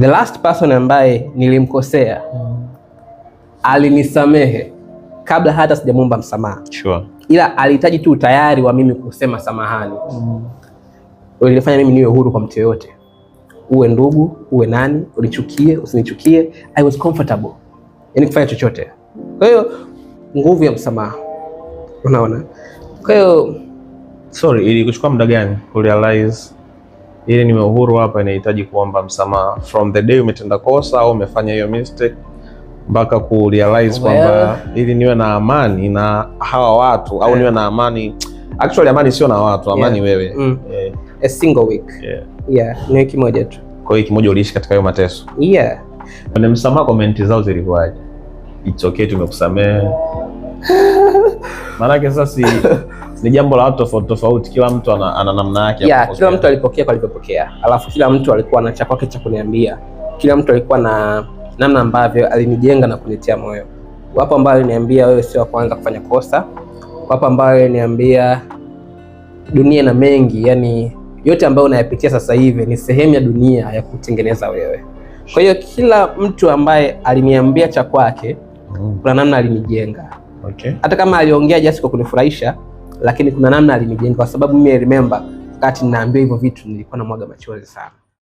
the last person ambaye nilimkosea mm. alinisamehe kabla hata sijamwomba msamaha sure. ila alihitaji tu utayari wa mimi kusema samahani mm. Ulifanya mimi niwe huru kwa mtu yoyote, uwe ndugu, uwe nani, unichukie, usinichukie, I was comfortable, yani kufanya chochote. Kwa hiyo nguvu ya msamaha, unaona. Kwa hiyo sorry, ilikuchukua muda gani kurealize ili niwe uhuru hapa, inahitaji kuomba msamaha from the day umetenda kosa au umefanya hiyo mistake mpaka ku realize kwamba ili niwe na amani na hawa watu yeah. au niwe na amani actually, amani sio na watu, amani yeah. wewe mm. yeah. a single week yeah. yeah. ni wiki moja tu. Kwa wiki moja uliishi katika hiyo mateso yeah. Kwenye msamaha komenti zao zilikuwaje? It's okay, tumekusamea maanake sasa si ni jambo la watu tofauti tofauti, kila mtu ana, ana namna yake ya, kila mtu alipokea kwa alivyopokea, alafu kila mtu alikuwa na cha kwake cha kuniambia, kila mtu alikuwa na namna ambavyo alinijenga na kunitia moyo. Wapo ambao aliniambia wewe sio wa kwanza kufanya kosa, wapo ambao aliniambia dunia na mengi, yani yote ambayo unayapitia sasa hivi ni sehemu ya dunia ya kutengeneza wewe. Kwa hiyo kila mtu ambaye aliniambia cha kwake mm. kuna namna alinijenga. Okay. Hata kama aliongea jasi kwa kunifurahisha lakini kuna namna alinijenga, kwa sababu mimi remember, wakati ninaambiwa hivyo vitu nilikuwa namwaga machozi sana.